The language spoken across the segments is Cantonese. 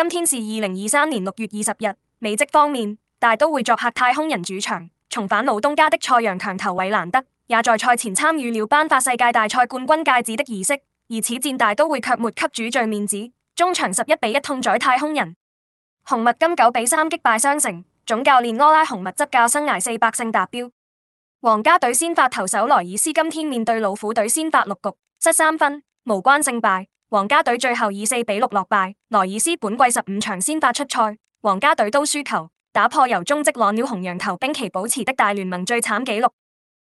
今天是二零二三年六月二十日。美職方面，大都會作客太空人主場，重返老東家的賽揚強投韋蘭德也在賽前參與了頒發世界大賽冠軍戒指的儀式。而此戰大都會卻沒給主將面子，中場十一比一痛宰太空人。紅襪金九比三擊敗雙城，總教練柯拉紅襪執教生涯四百勝達標。皇家隊先發投手萊爾斯今天面對老虎隊先發六局失三分，無關勝敗。皇家隊最後以四比六落敗，萊爾斯本季十五場先發出賽，皇家隊都輸球，打破由中職攞了紅洋球兵奇保持的大聯盟最慘紀錄。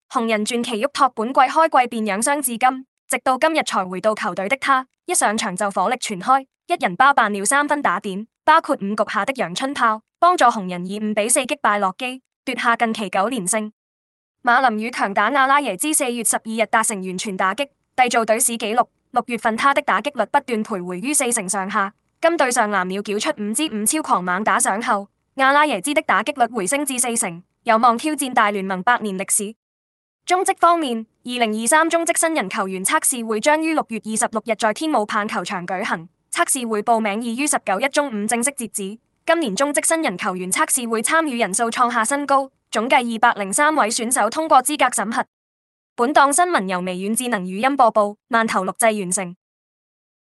紅人傳奇沃托本季開季便養傷至今，直到今日才回到球隊的他，一上場就火力全開，一人包辦了三分打點，包括五局下的陽春炮，幫助紅人以五比四擊敗洛磯，奪下近期九連勝。馬林魚強打阿拉耶茲四月十二日達成完全打擊，締造隊史紀錄。六月份他的打擊率不斷徘徊於四成上下，今對上藍鳥繳出五支五超狂猛打賞後，亞拉耶茲的打擊率回升至四成，有望挑戰大聯盟百年歷史。中職方面，二零二三中職新人球員測試會將於六月二十六日在天母棒球場舉行，測試會報名已於十九日中午正式截止。今年中職新人球員測試會參與人數創下新高，總計二百零三位選手通過資格審核。本檔新聞由微軟智能語音播報，慢投錄製完成。